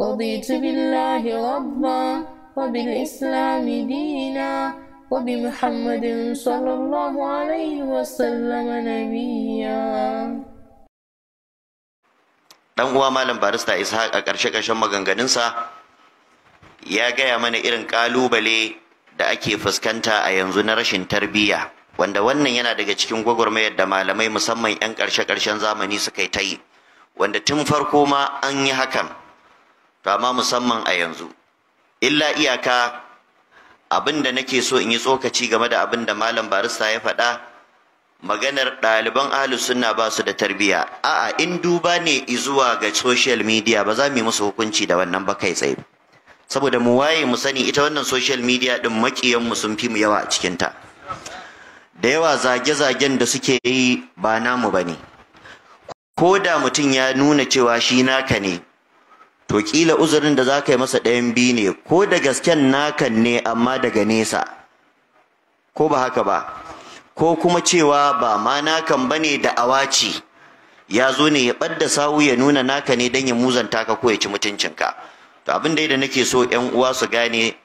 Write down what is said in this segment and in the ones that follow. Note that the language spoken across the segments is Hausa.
رضيت بالله ربا وبالإسلام دينا وبمحمد صلى الله عليه وسلم نبيا dan uwa malam barista ishaq a ƙarshe ƙarshen maganganunsa ya gaya mana irin ƙalubale da ake fuskanta a yanzu na rashin tarbiyya wanda wannan yana daga cikin gwagwarmayar da malamai musamman 'yan ƙarshe-ƙarshen zamani suka yi ta wanda tun farko ma an yi hakan ta ma musamman a yanzu illa iyaka abin da nake so in yi tsokaci game da abin da malam barista ya faɗa maganar ɗaliban ahlus sunna ba su da tarbiyya a'a in duba ne zuwa ga social media ba za mu yi musu hukunci da wannan ba kai tsaye saboda mu waye mu sani ita wannan social media din makiyan mu sun fi mu yawa a cikin ta da yawa zage-zagen da suke yi ba namu bane ko da mutum ya nuna cewa shi naka ne to kila uzurin da zaka yi masa ɗayan biyu ne ko da gasken nakan ne amma daga nesa ko ba haka ba ko kuma cewa ba ma nakan bane da awaci ya zo ne ya ɓadda sawu ya nuna naka ne don ya muzanta ka ko ya ci mutuncinka to abin dai da nake so yan uwa su gane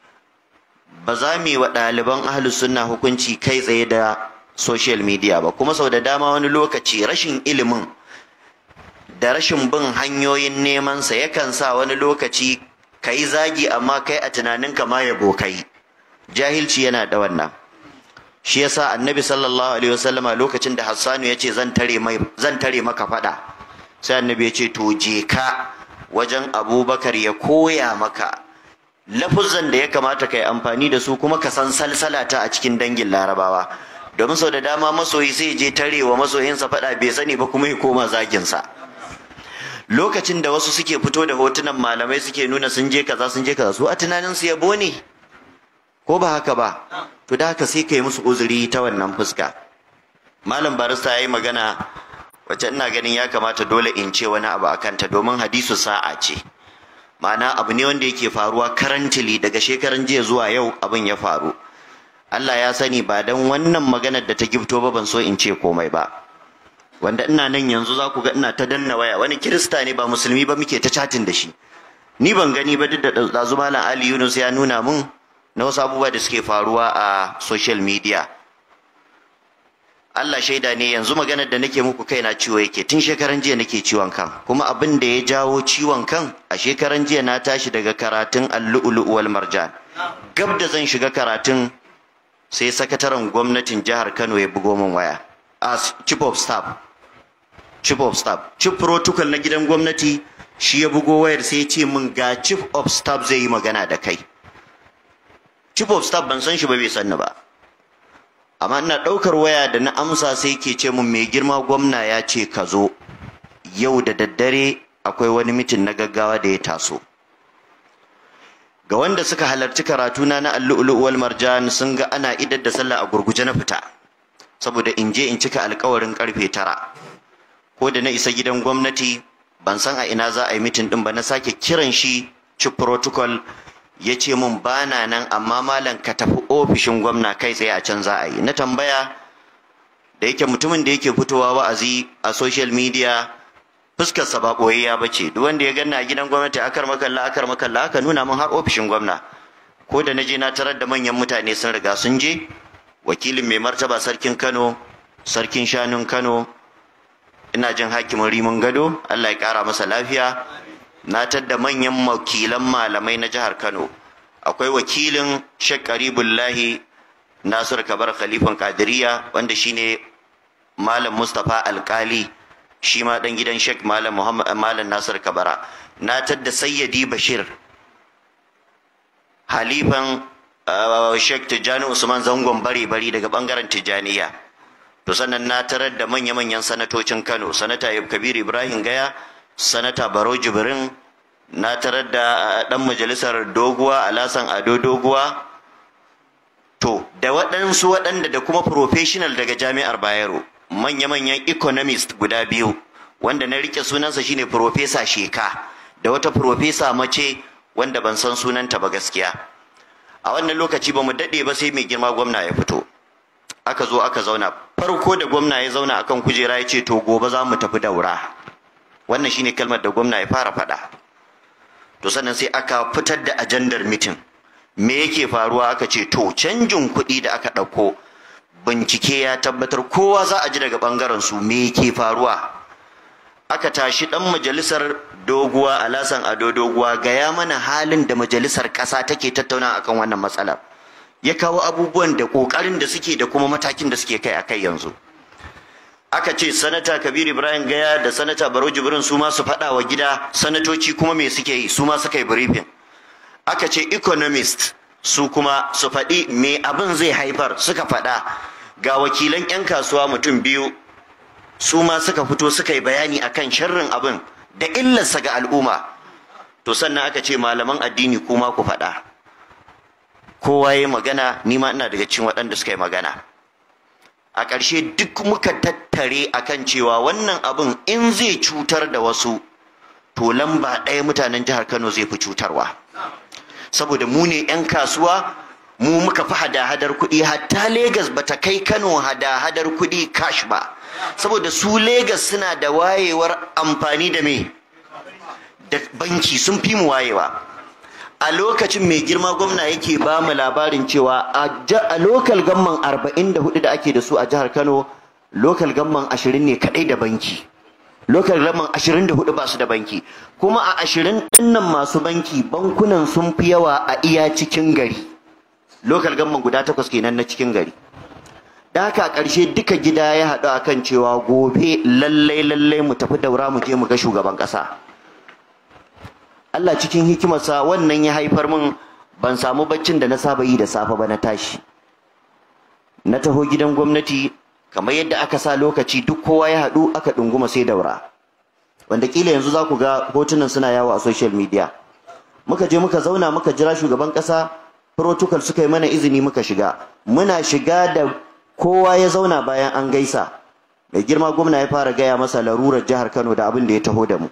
ba za mu yi wa ɗaliban ahlus suna hukunci kai tsaye da social media ba kuma sau da dama wani lokaci rashin ilimin da rashin bin hanyoyin nemansa yakan sa wani lokaci ka yi zagi amma kai a tunaninka ma yabo kai jahilci yana da wannan shi yasa annabi sallallahu alaihi wasallama lokacin da hassanu ya ce zan tare maka faɗa. sai annabi ya ce to je ka wajen abubakar ya koya maka lafuzan da ya kamata ka yi amfani da su kuma ka san salsalata a cikin dangin larabawa domin sau da dama masoyi sai je tarewa masoyinsa faɗa bai sani ba kuma ya koma zaginsa lokacin da wasu suke fito da hotunan malamai suke nuna sun je kaza sun je kaza su a tunanin su yabo ne ko ba haka ba to da haka sai kai musu uzuri ta wannan fuska malam barista yayi magana wacce ina ganin ya kamata dole in ce wani abu akan ta domin hadisu sa'a ce ma'ana abu ne wanda yake faruwa karantili daga shekaran jiya zuwa yau abin ya faru Allah ya sani ba dan wannan maganar da ta gifto ba ban so in ce komai ba wanda ina nan yanzu za ku ga ina ta danna waya wani kirista ne ba musulmi ba muke ta chatin da shi ni ban gani ba duk da dazu malam Ali Yunus ya nuna mun na wasu abubuwa da suke faruwa a social media Allah shaida ne yanzu maganar da nake muku kaina ciwo yake tun shekaran jiya nake ciwon kan kuma abin da ya jawo ciwon kan a shekaran jiya na tashi daga karatun al-lu'lu' wal marjan gab da zan shiga karatun sai sakataren gwamnatin jihar Kano ya bugo min waya as chief of staff chief of staff chief protocol na gidan gwamnati shi ya bugo wayar sai ya ce min ga chief of staff zai yi magana da kai chief of staff ban san shi ba bai san ni ba amma ina ɗaukar waya da na amsa sai ke ce min mai girma gwamna ya ce ka zo yau da daddare akwai wani mitin na gaggawa da ya taso ga wanda suka halarci karatuna na allu'ulu wal marjan sun ga ana idar da sallah a gurguje na fita saboda in je in cika alkawarin karfe tara ko da na isa gidan gwamnati ban san a ina za a yi mitin din ba na sake kiran shi ci protocol ya ce min bana nan amma malam ka tafi ofishin gwamna kai tsaye a can za a yi na tambaya da yake mutumin da yake fitowa wa'azi a social media fuskarsa ba ɓoyayya ba duk wanda ya ganna a gidan gwamnati akar makalla akar makalla aka nuna min har ofishin gwamna ko da na je na tarar da manyan mutane sun riga sun je wakilin mai martaba sarkin Kano sarkin shanun Kano ina jin hakimin rimin gado Allah ya kara masa lafiya na tadda manyan wakilan malamai na jihar Kano akwai wakilin Sheikh Karibullahi Nasir Kabar Khalifan Kadiriya wanda shine Malam Mustapha Alkali shi ma dan gidan Sheikh Malam Muhammad Nasir Kabara na tadda Sayyidi Bashir Halifan Ah, Sheikh Tijjani Usman zangon bari-bari daga bangaren tijaniya To sannan na tarar da manya-manyan sanatocin Kano, sanata Ayub Kabir Ibrahim Gaya, sanata Baro Jibrin, na tarar da ɗan ah, majalisar Doguwa Alasan Ado Doguwa. To, da waɗansu waɗanda da kuma professional daga jami'ar Bayero, manya-manyan economist guda biyu, wanda na rike sunansa shine Profesa Sheka, da wata Profesa mace wanda ban san sunanta ba gaskiya. a wannan lokaci ba mu daɗe ba sai mai girma gwamna ya fito aka zo aka zauna farko da gwamna ya zauna akan kujera ya ce to gobe za mu tafi daura wannan shine kalmar da gwamna ya fara faɗa to sannan sai aka fitar da ajandar mitin me yake faruwa aka ce to canjin kuɗi da aka ɗauko bincike ya tabbatar kowa za a ji daga ɓangaren su me yake faruwa aka tashi ɗan majalisar doguwa a alasan ado doguwa gaya mana halin da majalisar ƙasa take tattauna akan wannan matsala ya kawo abubuwan da ƙoƙarin da suke da kuma matakin da suke kai akai yanzu aka ce sanata kabir ibrahim gaya da sanata baro jibrin su ma su faɗa wa gida sanatoci kuma me suke yi su ma suka yi briefing aka ce economist su kuma su faɗi me abin zai haifar suka faɗa ga wakilan 'yan kasuwa mutum biyu su ma suka fito suka yi bayani kan sharrin abin da illarsa ga al'umma to sannan aka ce malaman addini kuma ku faɗa kowa ya magana ni ma ina daga cikin waɗanda suka yi magana a ƙarshe duk muka tattare a kan cewa wannan abin in zai cutar da wasu to lamba ɗaya mutanen jihar Kano zai fi cutarwa saboda mu ne 'yan kasuwa mu muka fi hada-hadar kuɗi hatta Legas bata kai Kano hada-hadar kuɗi cash ba saboda su Legas suna da wayewar amfani da me da banki sun fi mu wayewa a lokacin mai girma gwamna yake ba mu labarin cewa a lokal gamman 44 da ake da su a jihar Kano lokal gamman 20 ne kadai da banki lokal gamman 24 ba su da banki kuma a 20 dinnan masu banki bankunan sun fi yawa a iya cikin gari lokal gamman guda takwas kenan na cikin gari da haka a ƙarshe duka gida ya haɗu a kan cewa gobe lallai lallai mu tafi daura mu je mu ga shugaban ƙasa Allah cikin hikimarsa wannan ya haifar min ban samu baccin da na saba yi da safe ba na tashi na taho gidan gwamnati kamar yadda aka sa lokaci duk kowa ya haɗu aka ɗunguma sai daura wanda ƙila yanzu za ku ga hotunan suna yawo a social media muka je muka zauna muka jira shugaban ƙasa protocol suka yi mana izini muka shiga muna shiga da kowa ya zauna bayan an gaisa mai girma gwamna ya fara gaya masa larurar jihar Kano da abin da ya taho da mu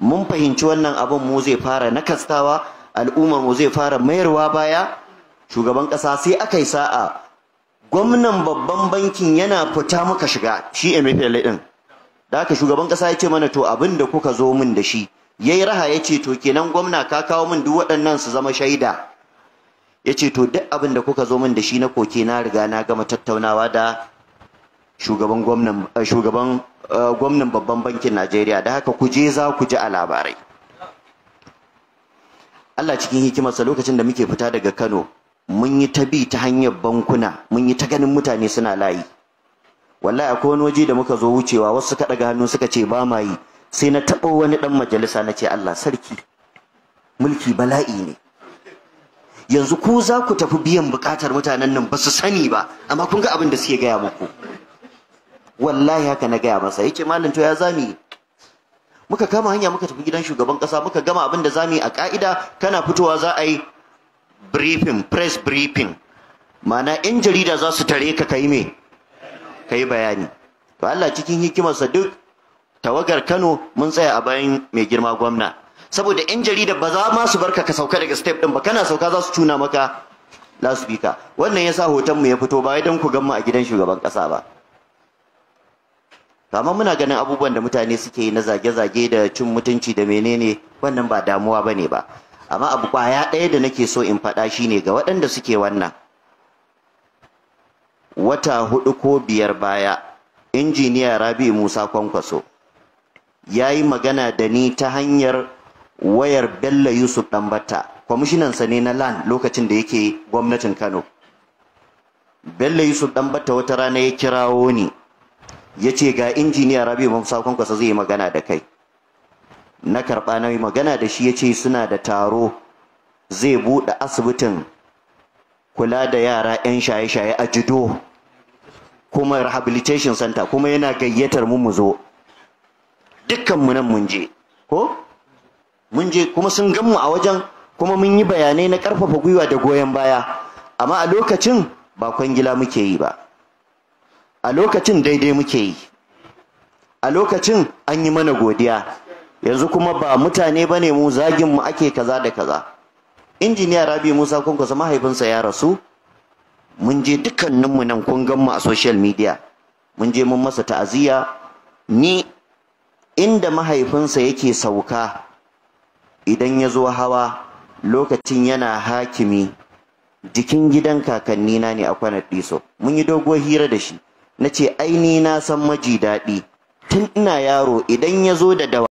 mun fahimci wannan abin mu zai fara nakastawa al'ummar mu zai fara mayarwa baya shugaban kasa sai aka yi sa'a gwamnan babban bankin yana fita muka shiga shi MFL din da haka shugaban kasa ya ce mana to abin da kuka zo min da shi yayi raha ya ce to kenan gwamna ka kawo min duk waɗannan su zama shaida Ya ce to duk abin da kuka zo min da shi na koke na riga na gama tattaunawa da shugaban gwamnan eh, shugaban eh, gwamnan babban bankin Najeriya da haka ku je za ku ji a labarai Allah cikin hikimarsa lokacin da muke fita daga Kano mun yi ta bi ta hanyar bankuna mun yi ta ganin mutane suna layi wallahi akwai wani waje da muka zo wucewa wasu suka daga hannu suka ce ba ma yi sai na taɓo wani ɗan majalisa na ce Allah sarki mulki bala'i ne yanzu ku za ku tafi biyan bukatar mutanen nan ba su sani ba amma kun ga abin da suke gaya muku wallahi haka na gaya masa yace malam to ya zami muka kama hanya muka tafi gidan shugaban kasa muka gama abin da zami a ka'ida kana fitowa za a yi briefing press briefing ma'ana yan jarida za su tare ka kai me kai bayani to Allah cikin hikimarsa duk tawagar Kano mun tsaya a bayan mai girma gwamna saboda yan jarida ba za ma su barka ka sauka daga step din ba kana sauka za su tuna maka lasbika wannan yasa hoton mu ya fito ba idan ku gamma a gidan shugaban kasa ba amma muna ganin abubuwan da mutane suke yi na zage-zage da cin mutunci da menene wannan ba damuwa bane ba amma abu kwaya ɗaya da nake so in faɗa shine ga waɗanda suke wannan wata hudu ko biyar baya injiniya Rabi Musa Kwankwaso ya yi magana da ni ta hanyar wayar Bello Yusuf Dambatta kwamishinan sa ne na LAN lokacin da yake gwamnatin Kano Bello Yusuf Dambatta wata rana ya kirawo ni yace ga injiniya Rabi Musa Kwankwasa zai magana da kai na karba na magana da shi yace suna da taro zai buɗe asibitin kula da yara 'yan shaye-shaye a jido kuma rehabilitation center kuma yana gayyatar mu mu zo Dukkan mu nan mun je ko mun je kuma sun gan mu a wajen kuma mun yi bayanai na ƙarfafa gwiwa da goyon baya amma a lokacin ba kwangila muke yi ba a lokacin daidai muke yi a lokacin an yi mana godiya yanzu kuma ba mutane bane mu zagin mu ake kaza da kaza injiniya rabi musa kunkusa mahaifinsa ya rasu mun je dukkaninmu nan kun gan mu a social media mun je mun masa ta'aziyya ni inda mahaifinsa yake sauka idan ya zo hawa lokacin yana hakimi jikin gidan kakannina ne a kwanar ɗiso mun yi doguwar hira da shi na ce aini na san maji daɗi tun ina yaro idan ya zo da dawa